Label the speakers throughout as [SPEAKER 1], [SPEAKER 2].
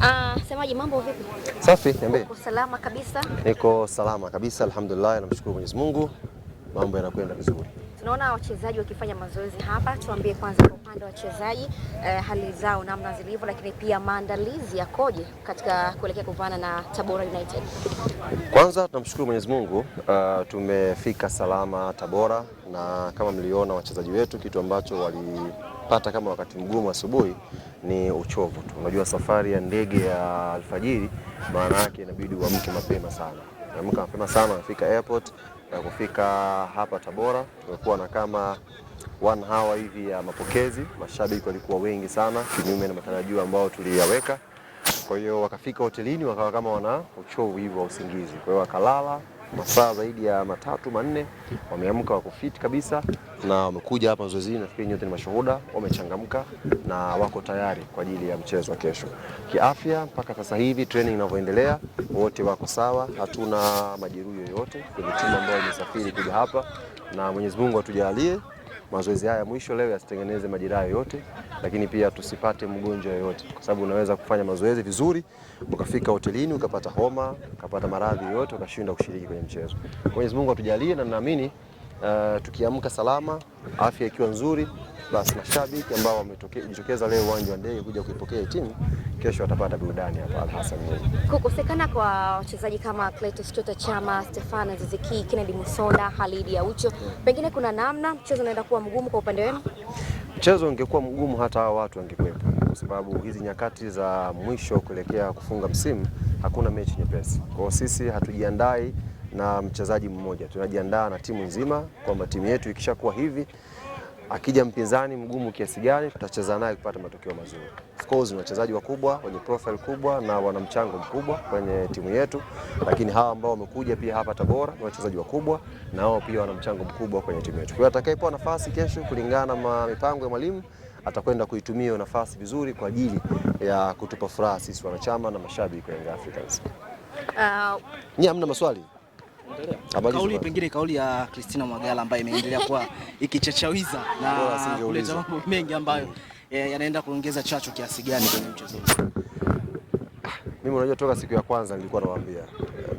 [SPEAKER 1] Ah, semaji mambo vipi?
[SPEAKER 2] Safi, niambie. Uko
[SPEAKER 1] salama kabisa?
[SPEAKER 2] Niko salama kabisa, alhamdulillah, namshukuru Mwenyezi Mungu. Mambo yanakwenda vizuri
[SPEAKER 1] tunaona wachezaji wakifanya mazoezi hapa. Tuambie kwanza kwa upande wa wachezaji eh, hali zao namna zilivyo, lakini pia maandalizi yakoje katika kuelekea kuvana na Tabora United?
[SPEAKER 2] Kwanza tunamshukuru Mwenyezi Mungu, uh, tumefika salama Tabora, na kama mliona wachezaji wetu, kitu ambacho walipata kama wakati mgumu asubuhi ni uchovu tu. Unajua safari ya ndege ya alfajiri, maana yake inabidi uamke mapema sana, amka mapema sana, unafika airport na kufika hapa Tabora tumekuwa na kama one hour hivi ya mapokezi. Mashabiki walikuwa wengi sana, kinyume na matarajio ambayo tuliyaweka. Kwa hiyo wakafika hotelini wakawa kama wana uchovu hivyo wa usingizi, kwa hiyo wakalala masaa zaidi ya matatu manne, wameamka wako fit kabisa na wamekuja hapa zoezini. Nafikiri nyote ni mashuhuda, wamechangamka na wako tayari kwa ajili ya mchezo wa kesho. Kiafya mpaka sasa hivi training inavyoendelea, wote wako sawa, hatuna majeruhi yoyote kwenye timu ambayo imesafiri kuja hapa, na Mwenyezi Mungu atujalie mazoezi haya mwisho leo yasitengeneze majeraha yoyote lakini pia tusipate mgonjwa yoyote, kwa sababu unaweza kufanya mazoezi vizuri ukafika hotelini ukapata homa ukapata maradhi yoyote ukashindwa kushiriki kwenye mchezo. Mwenyezi Mungu atujalie na naamini uh, eh, tukiamka salama, afya ikiwa nzuri, basi mashabiki ambao wamejitokeza leo uwanja wa ndege kuja kuipokea timu kesho watapata burudani hapa Al Hassan.
[SPEAKER 1] Kukosekana kwa wachezaji kama Clatous Chota Chama, Stefan Aziz Kennedy Musonda, Halidi Aucho, pengine kuna namna mchezo unaenda kuwa mgumu kwa upande wenu?
[SPEAKER 2] mchezo ungekuwa mgumu hata hao watu wangekwepo, kwa sababu hizi nyakati za mwisho kuelekea kufunga msimu hakuna mechi nyepesi. Kwa hiyo sisi hatujiandai na mchezaji mmoja, tunajiandaa na timu nzima, kwamba timu yetu ikishakuwa hivi akija mpinzani mgumu kiasi gani, tutacheza naye kupata matokeo mazuri. Of course ni wachezaji wakubwa wenye profile kubwa na wana mchango mkubwa kwenye timu yetu, lakini hawa ambao wamekuja pia hapa Tabora ni wachezaji wakubwa na wao pia wana mchango mkubwa kwenye timu yetu. Kwa hiyo atakayepewa nafasi kesho, kulingana na mipango ya mwalimu, atakwenda kuitumia nafasi vizuri kwa ajili ya kutupa furaha sisi wanachama na mashabiki wa Young Africans. Uh, ni hamna maswali
[SPEAKER 3] Kauli pengine kauli ya Christina Mwagala ambayo imeendelea kuwa ikichachawiza na kuleta mambo mengi ambayo eh, yanaenda kuongeza chachu kiasi gani kwenye mchezo huu?
[SPEAKER 2] Mimi unajua, toka siku ya kwanza nilikuwa nawaambia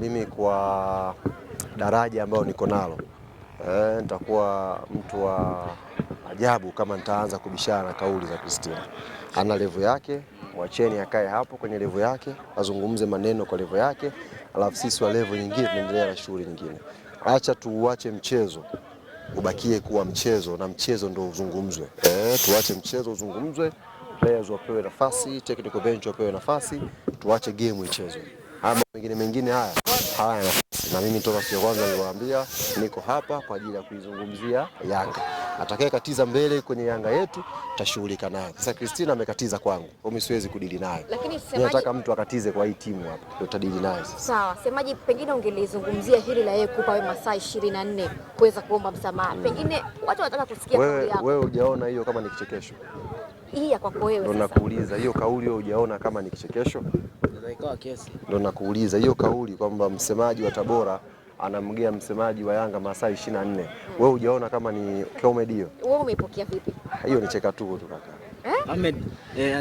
[SPEAKER 2] mimi kwa daraja ambayo niko nalo e, nitakuwa mtu wa ajabu kama nitaanza kubishana na kauli za Christina. Ana levu yake wacheni akae hapo kwenye levo yake, azungumze maneno kwa levo yake, alafu sisi wa levo nyingine tunaendelea na shughuli nyingine. Acha tuuache mchezo ubakie kuwa mchezo na mchezo ndio uzungumzwe. Eh, tuache mchezo uzungumzwe, players wapewe nafasi, technical bench wapewe nafasi, tuache game ichezwe. Ama mengine mengine haya haya, na mimi toka siku ya kwanza niliwaambia niko hapa kwa ajili ya kuizungumzia Yanga atakaye katiza mbele kwenye Yanga yetu tashughulika naye. Sasa Kristina amekatiza kwangu, mimi siwezi kudili naye, lakini semaji... nataka mtu akatize kwa hii timu hapa ndio tadili naye.
[SPEAKER 1] Sawa, semaji, pengine ungelizungumzia hili la yeye kupa wewe masaa 24 kuweza kuomba msamaha Mm. Pengine watu wanataka kusikia wewe, wewe hujaona hiyo kama ni kichekesho ndio
[SPEAKER 2] nakuuliza hiyo kauli hujaona kama ni kichekesho? Ndio nakuuliza hiyo kauli kwamba msemaji wa Tabora anamgea msemaji wa Yanga masaa 24. Wewe hujaona kama ni comedy hiyo?
[SPEAKER 1] Wewe umeipokea vipi?
[SPEAKER 2] Hiyo ni cheka tu tu kaka.
[SPEAKER 3] Eh? Ahmed eh,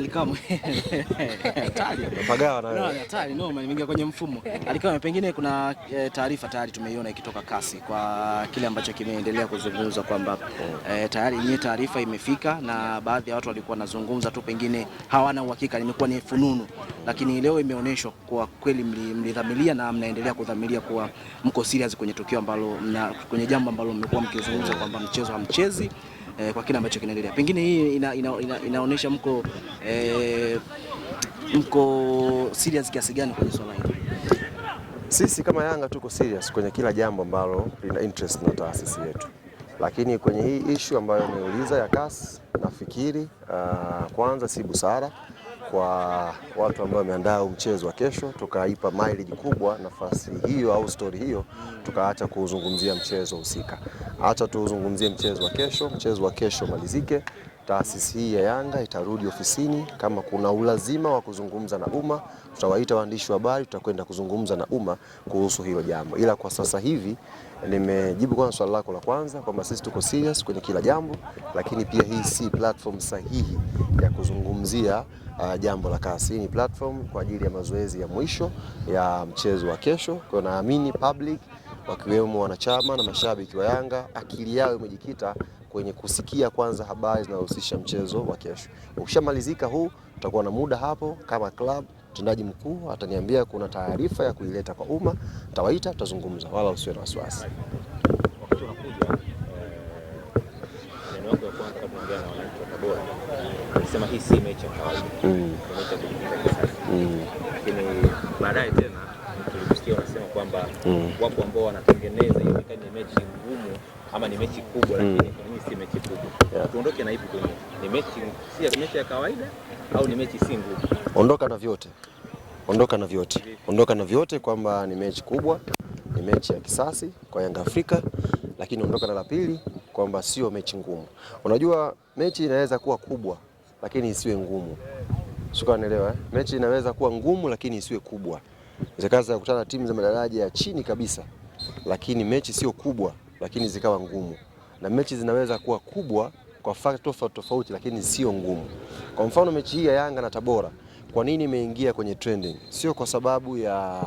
[SPEAKER 3] pagawa na wewe. Hatari noma, nimeingia kwenye mfumo. Alikaa pengine kuna eh, taarifa tayari tumeiona ikitoka kasi kwa kile ambacho kimeendelea kuzungumzwa kwamba eh, tayari yenyewe taarifa imefika na baadhi ya watu walikuwa wanazungumza tu pengine hawana uhakika, nimekuwa ni fununu, lakini leo imeonyeshwa kwa kweli mlidhamilia na mnaendelea kudhamilia kuwa mko serious kwenye tukio ambalo kwenye jambo ambalo mmekuwa mkizungumza kwamba mchezo hamchezi eh, kwa kile ambacho kinaendelea. Pengine hii ina, ina, ina, inaonyesha mko eh, mko serious kiasi gani kwenye swala hili?
[SPEAKER 2] Sisi kama Yanga tuko serious kwenye kila jambo ambalo lina interest na taasisi yetu, lakini kwenye hii issue ambayo umeuliza ya CAS nafikiri uh, kwanza si busara kwa watu ambao wameandaa huu mchezo wa kesho, tukaipa mileage kubwa nafasi hiyo au stori hiyo, tukaacha kuzungumzia mchezo husika. Acha tuzungumzie mchezo wa kesho. Mchezo wa kesho malizike taasisi hii ya Yanga itarudi ofisini. Kama kuna ulazima wa kuzungumza na umma, tutawaita waandishi wa habari, tutakwenda kuzungumza na umma kuhusu hilo jambo, ila kwa sasa hivi nimejibu kwanza swali lako la kwanza kwamba sisi tuko serious kwenye kila jambo, lakini pia hii si platform sahihi ya kuzungumzia uh, jambo la kasi. Hii ni platform kwa ajili ya mazoezi ya mwisho ya mchezo wa kesho, kwa naamini public wakiwemo wanachama na mashabiki wa Yanga, akili yao imejikita kwenye kusikia kwanza habari zinazohusisha mchezo wa kesho. Ukishamalizika huu, tutakuwa na muda hapo kama club mtendaji mkuu ataniambia kuna taarifa ya kuileta kwa umma, tawaita tutazungumza, wala usiwe na wasiwasi.
[SPEAKER 4] tena tulikusikia kwamba mm. wapo ambao wanatengeneza iwe ni mechi ngumu ama ni mechi kubwa mm. lakini kwa nini si mechi kubwa? Yeah. Tuondoke na ipi kwenye ni mechi si ya mechi ya kawaida au ni mechi si ngumu?
[SPEAKER 2] Ondoka na vyote, ondoka na vyote, ondoka na vyote kwamba ni mechi kubwa, ni mechi ya kisasi kwa Yanga Afrika, lakini ondoka na la pili kwamba sio mechi ngumu. Unajua mechi inaweza kuwa kubwa lakini isiwe ngumu, sikuwa naelewa eh? mechi inaweza kuwa ngumu lakini isiwe kubwa zikaanza kukutana timu za madaraja ya chini kabisa, lakini mechi sio kubwa, lakini zikawa ngumu, na mechi zinaweza kuwa kubwa kwa fakta tofauti tofauti, lakini sio ngumu. Kwa mfano mechi hii ya Yanga na Tabora, kwa nini imeingia kwenye trending? Sio kwa sababu ya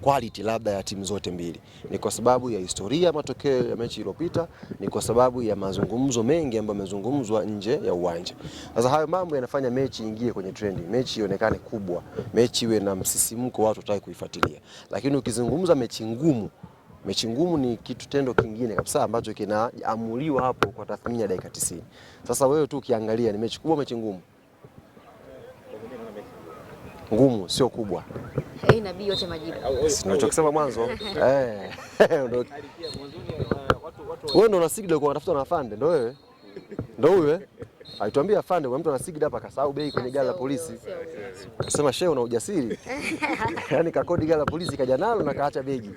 [SPEAKER 2] quality labda ya timu zote mbili, ni kwa sababu ya historia, matokeo ya mechi iliyopita, ni kwa sababu ya mazungumzo mengi ambayo yamezungumzwa nje ya uwanja. Sasa hayo mambo yanafanya mechi ingie kwenye trendi, mechi ionekane kubwa, mechi iwe na msisimko, watu wataki kuifuatilia. Lakini ukizungumza mechi ngumu mechi ngumu ni kitu tendo kingine kabisa ambacho kinaamuliwa hapo kwa tathmini ya dakika 90. Sasa wewe tu ukiangalia ni mechi kubwa, mechi ngumu ngumu, sio kubwa.
[SPEAKER 1] A na yote majibu.
[SPEAKER 2] Tunachokisema mwanzo. Eh. Wewe ndio unasigida kwa watafuta na afande, ndio wewe? Ndio huyo? Eh? Alituambia afande kwa mtu anasigida hapa kasahau bei kwenye gari la polisi. Akasema shehe, una ujasiri. Yaani kakodi gari la polisi kaja nalo na kaacha begi.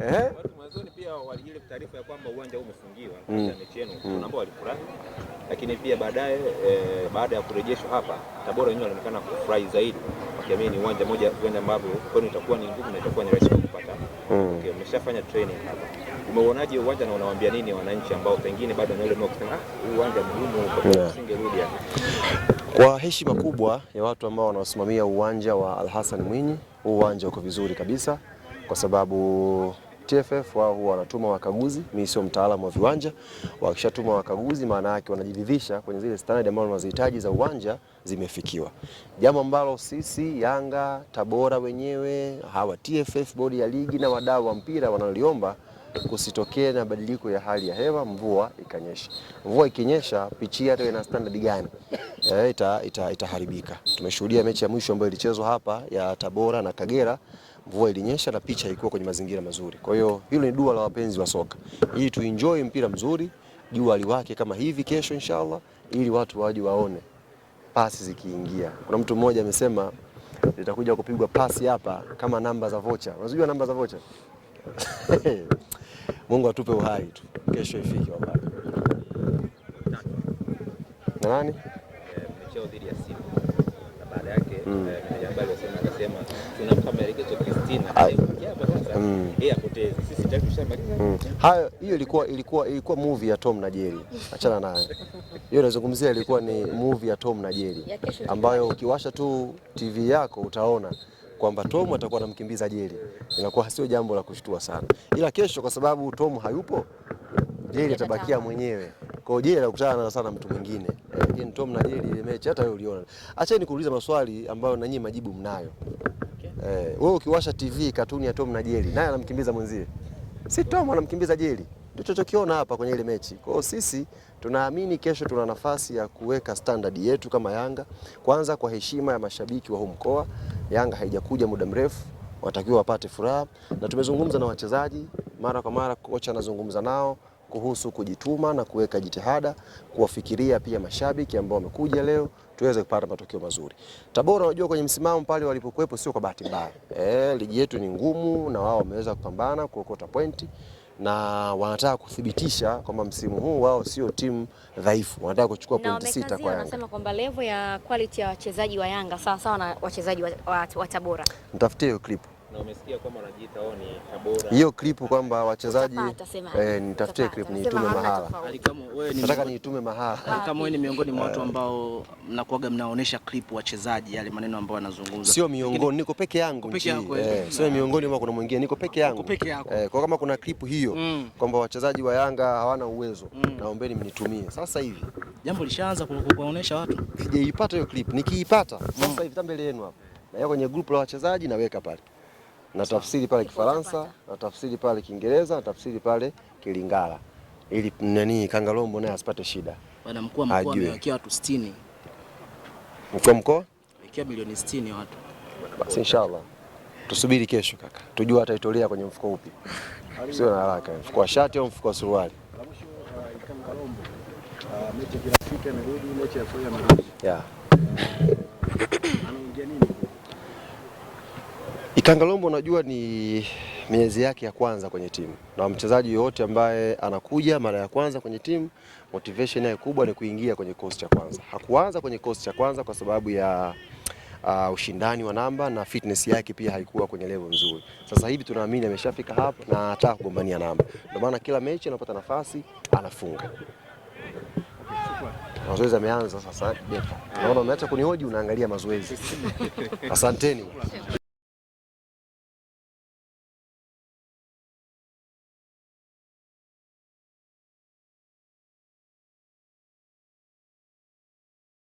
[SPEAKER 2] Eh?
[SPEAKER 4] Mwanzoni pia taarifa ya kwamba uwanja umefungiwa mm. kwa mechi yenu. Kuna mm. ambao walifurahi. Lakini pia baadaye eh, baada ya kurejeshwa hapa Tabora wenyewe walionekana kufurahi zaidi ukiamini ni uwanja moja kwenda Mabu, kwani itakuwa ni ngumu na itakuwa ni rahisi kupata. Mm. Okay, umeshafanya training hapa. Umeuonaje uwanja na unawaambia nini wananchi ambao pengine bado na yule mmoja kusema ah, uwanja mgumu kwa yeah. Singerudi hapa.
[SPEAKER 2] Kwa heshima kubwa ya watu ambao wanaosimamia uwanja wa Al Hassan Mwinyi, huu uwanja uko vizuri kabisa kwa sababu TFF wao huwa wanatuma wakaguzi. Mimi sio mtaalamu wa viwanja, wakishatuma wakaguzi, maana yake wanajiridhisha kwenye zile standard ambazo wanazihitaji za uwanja zimefikiwa, jambo ambalo sisi Yanga, Tabora wenyewe, hawa TFF, bodi ya ligi na wadau wa mpira wanaliomba kusitokee na badiliko ya hali ya hewa, mvua ikanyesha. Mvua ikinyesha, pichi hata ina standard gani e, eh, itaharibika. Ita, ita tumeshuhudia mechi ya mwisho ambayo ilichezwa hapa ya Tabora na Kagera, mvua ilinyesha na picha ilikuwa kwenye mazingira mazuri. Kwa hiyo hilo ni dua la wapenzi wa soka, ili tuenjoy mpira mzuri, jua liwake kama hivi kesho inshallah, ili watu waje waone pasi zikiingia. Kuna mtu mmoja amesema litakuja kupigwa pasi hapa kama namba za vocha. Unajua namba za vocha? Mungu atupe uhai tu, kesho ifike. Nani?
[SPEAKER 4] Eh, dada yake mm. eh, akasema tunampa maelekezo Kristina mm. mm.
[SPEAKER 2] Hayo hiyo ilikuwa ilikuwa ilikuwa movie ya Tom na Jerry. Achana nayo. Hiyo nazungumzia ilikuwa ni movie ya Tom na Jerry ambayo ukiwasha tu TV yako utaona kwamba Tom atakuwa anamkimbiza Jerry. Inakuwa sio jambo la kushtua sana. Ila kesho kwa sababu Tom hayupo jeli atabakia mwenyewe. Kwa hiyo jeli anakutana sana mtu mwingine. Eh, Jeni Tom na jeli ile mechi hata wewe uliona. Acheni kuuliza maswali ambayo na nyinyi majibu mnayo. Okay. Eh, wewe ukiwasha TV katuni ya Tom na jeli naye anamkimbiza mwenzie. Si Tom anamkimbiza jeli. Ndicho tulichokiona hapa kwenye ile mechi. Kwa hiyo sisi tunaamini kesho tuna nafasi ya kuweka standard yetu kama Yanga, kwanza kwa heshima ya mashabiki wa huu mkoa. Yanga haijakuja muda mrefu, watakiwa wapate furaha, na tumezungumza na wachezaji mara kwa mara, kocha anazungumza nao kuhusu kujituma na kuweka jitihada kuwafikiria pia mashabiki ambao wamekuja leo tuweze kupata matokeo mazuri. Tabora wajua kwenye msimamo pale walipokuwepo sio kwa bahati mbaya. Eh, ligi yetu ni ngumu na wao wameweza kupambana kuokota pointi na wanataka kuthibitisha kwamba msimu huu wao sio timu dhaifu, wanataka kuchukua pointi sita kwa Yanga.
[SPEAKER 1] Wanasema kwamba level ya quality ya wachezaji wa Yanga sawa sawa na wachezaji wa, wa, wa Tabora.
[SPEAKER 2] Nitafutie hiyo clip na umesikia kwamba wanajiita wao oh, ni Tabora. Hiyo clip kwamba wachezaji eh, nitafutie clip niitume mahala. Nataka niitume mahala.
[SPEAKER 3] Kama wewe ni miongoni mwa watu eh. ambao mnakuaga mnaonesha clip wachezaji yale maneno ambayo wanazungumza.
[SPEAKER 2] Sio miongoni, niko peke yangu nchi. Eh, sio ah. miongoni mwa kuna mwingine, niko peke yangu. Peke yako. Eh, kwa kama kuna clip hiyo mm. kwamba wachezaji wa Yanga hawana uwezo mm. naombeni mnitumie. Sasa hivi
[SPEAKER 3] jambo lishaanza kuonesha watu.
[SPEAKER 2] Sijaipata hiyo clip. Nikiipata mm. sasa hivi tambele yenu hapo. Na kwenye group la wachezaji naweka pale na tafsiri pale Kifaransa na tafsiri pale Kiingereza na tafsiri pale Kilingala ili nani Kangalombo naye asipate shida.
[SPEAKER 3] Bwana mkuu wa mkoa amewekea watu 60. Mkuu wa mkoa amewekea milioni 60 watu.
[SPEAKER 2] Basi inshallah. Tusubiri kesho kaka. Tujua ataitolea kwenye mfuko upi. Sio na haraka. Mfuko wa shati au mfuko wa suruali? Kangalombo. Uh, mechi ya Afrika imerudi, mechi ya Afrika imerudi. Yeah. Uh, Tangalombo unajua ni miezi yake ya kwanza kwenye timu, na mchezaji yoyote ambaye anakuja mara ya kwanza kwenye timu, motivation yake kubwa ni kuingia kwenye kikosi cha kwanza. Hakuanza kwenye kikosi cha kwanza kwa sababu ya uh, ushindani wa namba na fitness yake pia haikuwa kwenye level nzuri. Sasa hivi tunaamini ameshafika hapa na anataka kugombania namba, ndio maana kila mechi anapata nafasi anafunga. Mazoezi ameanza sasa. Naona umeacha kunihoji, unaangalia mazoezi. Asanteni.